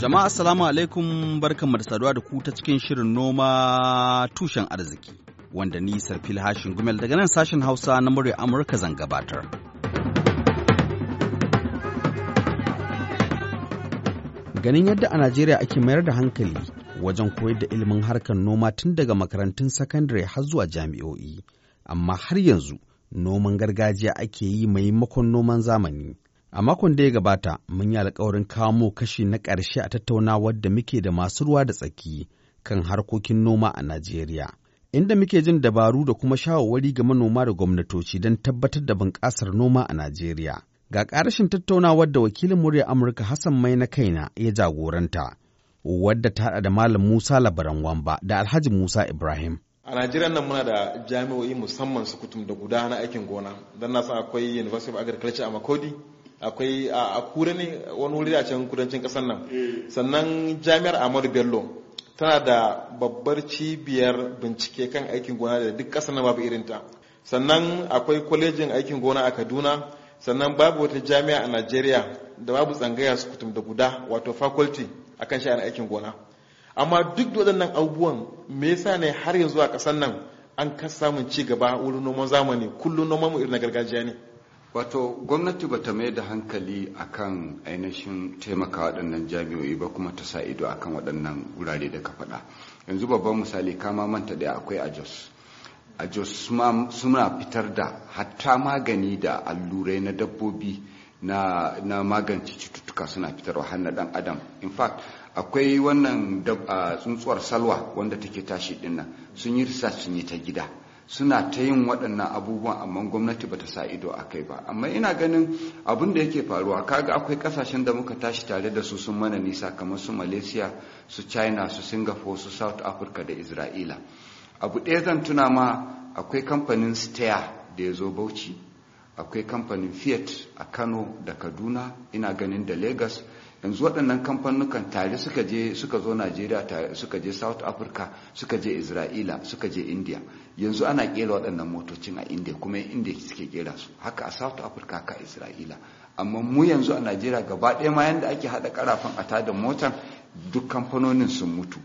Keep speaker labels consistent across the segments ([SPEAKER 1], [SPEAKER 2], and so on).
[SPEAKER 1] Jama'a assalamu alaikum barkanmu da saduwa da ku ta cikin shirin noma tushen arziki wanda ni Sarfil Hashin Gumel daga nan sashen Hausa na murya Amurka zan gabatar. Ganin yadda a Najeriya ake mayar da hankali wajen koyar da ilimin harkar noma tun daga makarantun sakandare har zuwa jami'o'i, amma har yanzu noman gargajiya ake yi maimakon noman zamani. A makon da ya gabata, mun yi alkawarin kamo kashi na ƙarshe a tattaunawar da muke da masu ruwa da tsaki kan harkokin noma a Najeriya, inda muke jin dabaru da kuma shawarwari ga manoma da gwamnatoci don tabbatar da bunƙasar noma a Najeriya. Ga ƙarashin tattaunawar da wakilin murya Amurka Hassan Mai na kaina ya jagoranta, wadda ta haɗa da Malam Musa Labaran Wamba da Alhaji Musa Ibrahim.
[SPEAKER 2] a najeriya nan muna da jami'o'i musamman su kutum da guda na aikin gona don na san akwai university of agriculture a makodi akwai a kura ne wani wuri a can kudancin kasar nan eh. sannan jami'ar ahmadu bello tana da babbar cibiyar bincike kan aikin gona da duk kasar nan babu irinta sannan akwai kwalejin aikin gona a kaduna sannan babu wata jami'a a najeriya da babu tsangaya su kutum da guda wato faculty kan sha'anin aikin gona amma duk da waɗannan abubuwan me yasa ne har yanzu a ƙasar nan an kasa samun ci gaba wurin noman zamani kullum noman mu
[SPEAKER 3] irin na gargajiya ne wato gwamnati ba ta mai da hankali a kan ainihin taimaka waɗannan jami'o'i ba kuma ta sa ido a kan waɗannan wurare da ka faɗa yanzu babban misali kama manta ɗaya akwai a jos a jos suna fitar da hatta magani da allurai na dabbobi na, magance cututtuka suna fitarwa hannun dan adam in fact akwai wannan tsuntsuwar salwa wanda take tashi dinnan sun yi sun yi ta gida suna ta yin waɗannan abubuwan amma gwamnati bata sa ido a kai ba amma ina ganin abin da yake faruwa kaga akwai ƙasashen da muka tashi tare da su sun mana nisa kamar su malaysia su china su singapore su south africa da isra'ila abu ɗaya zan tuna ma akwai kamfanin steya da ya zo bauchi akwai kamfanin fiat a kano da kaduna ina ganin da Legas. yanzu waɗannan kamfanukan tare suka je suka zo najeriya suka je south africa suka je isra'ila suka je india yanzu ana kera waɗannan motocin a india kuma india suke kera su haka a south africa ka isra'ila amma mu yanzu a najeriya gaba ɗaya ma yanda ake haɗa karafan a tada motan duk kamfanonin sun mutu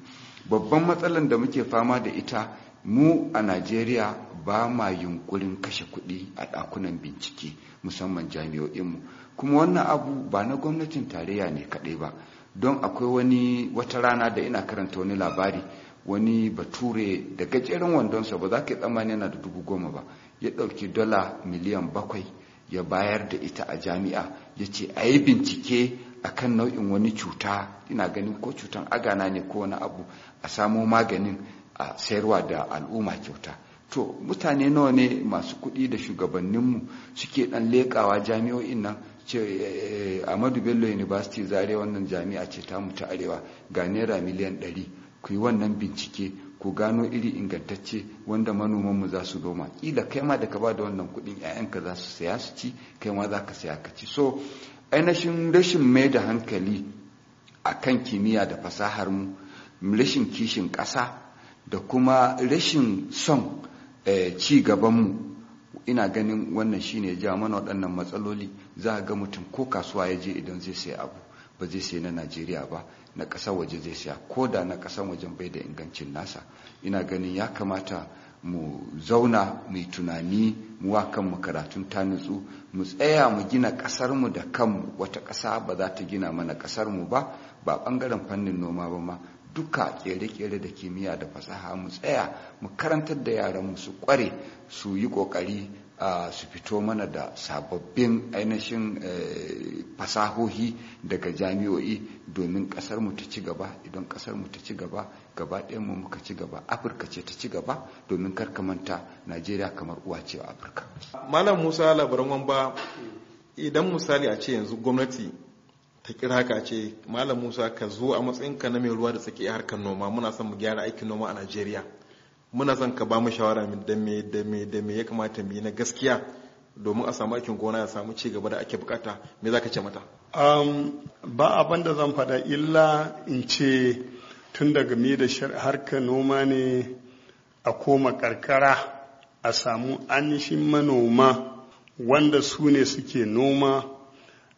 [SPEAKER 3] babban matsalar da muke fama da ita mu a najeriya ba ma yunkurin kashe kuɗi a ɗakunan bincike musamman jami'o'inmu kuma wannan abu ba na gwamnatin tarayya ne kaɗai ba don akwai wani wata rana da ina karanta wani labari wani bature da gajeren wandonsa ba za ka tsammani yana da dubu goma ba ya ɗauki dala miliyan bakwai ya bayar da ita a jami'a ya ce a yi bincike a kan nau'in wani cuta ina ganin ko cutan agana ne ko wani abu a samo maganin a sayarwa da al'umma kyauta to mutane nawa ne masu kuɗi da shugabanninmu suke ɗan leƙawa jami'o'in nan ce eh, eh, amadu bello university zare wannan jami'a ce tamu ta arewa ga naira miliyan ɗari ku yi wannan bincike ku gano iri ingantacce wanda manomanmu za su doma ƙila kai ma da ka ba da wannan kuɗin 'ya'yanka za su saya su ci kai ma za ka saya ka ci so ainihin rashin mai da hankali a kan kimiyya da fasaharmu rashin kishin ƙasa da kuma rashin son Eh, ci gabanmu ina ganin wannan shine ya ja mana waɗannan matsaloli za a ga mutum ko kasuwa ya je idan zai sai abu ba zai sai na najeriya ba na ƙasar waje zai siya ko da na ƙasar wajen bai da ingancin nasa ina ganin ya kamata mu zauna mu tunani mu wa kanmu karatun ta nutsu mu tsaya mu gina ƙasarmu da kanmu wata ƙasa ba za ta gina mana ƙasarmu ba ba ɓangaren fannin noma ba ma duka kere-kere da kimiyya da fasaha mu tsaya mu karantar da yaran su kware su yi kokari su fito mana da sababbin ainihin eh, fasahohi daga jami'o'i domin ƙasarmu ta ci gaba idan ƙasarmu ta ci gaba gaba mu muka ci gaba afirka ce ta ci gaba domin manta najeriya kamar uwa ce a afirka
[SPEAKER 2] malam musa labaran wamba idan misali a
[SPEAKER 3] ce yanzu gwamnati ta kira ka
[SPEAKER 2] ce malam musa ka zo a matsayinka na mai ruwa da tsaki harkar noma muna son mu gyara aikin noma a najeriya muna son ka ba mu shawara da me da me da me ya kamata mu na gaskiya domin a samu aikin gona ya samu ci gaba da ake bukata me ka ce mata
[SPEAKER 4] um, ba abin da zan faɗa illa in ce tun daga me da harkar noma ne a koma karkara a samu anishin manoma wanda su ne suke noma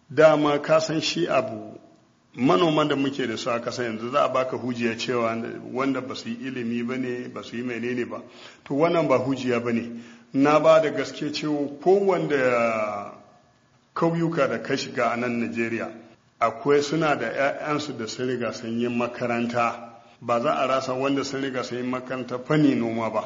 [SPEAKER 4] dama ka san shi abu manoman da muke da su a kasa yanzu za a baka hujiya cewa wanda ba su yi ilimi ba ne ba su yi menene ba to wannan ba hujiya ba ne na ba da gaske cewa kowanda kauyuka da ka shiga a nan najeriya akwai suna da 'ya'yansu da sun riga sun yi makaranta ba za a rasa wanda sun riga sun yi makaranta fani noma ba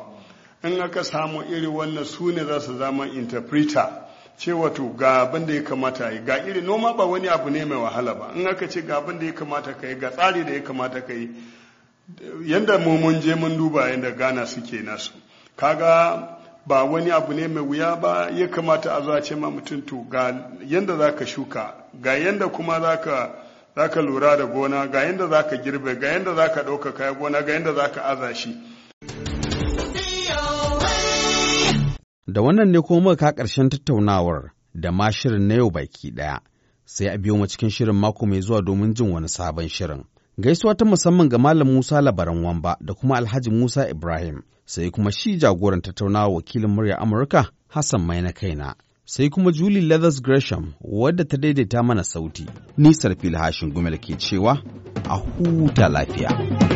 [SPEAKER 4] in aka samu iri wannan su ne za su zama interpreter Cewa wato ga abin da ya kamata yi ga iri noma ba wani abu ne mai wahala ba in aka ce ga abin da ya kamata ka yi ga tsari da ya kamata ka yi yadda mun je mun duba yadda gana suke nasu kaga ba wani abu ne mai wuya ba ya kamata a zuwa ma mutum to ga yadda za ka shuka ga yadda kuma za ka lura da gona ga yadda za ka girbe ga yadda za ka ɗauka kaya gona ga yadda za ka aza shi
[SPEAKER 1] Da wannan ne kuma ka ƙarshen tattaunawar da ma shirin na yau baki ɗaya, sai a biyo ma cikin shirin mako mai zuwa domin jin wani sabon shirin. Gaisuwa ta musamman ga Malam Musa Labaran Wamba da kuma Alhaji Musa Ibrahim, sai kuma shi jagoran tattaunawa wakilin murya Amurka Hassan Mai na kaina. Sai kuma Julie Leathers Gresham wadda ta daidaita mana sauti, nisar filhashin gumel ke cewa a huta lafiya.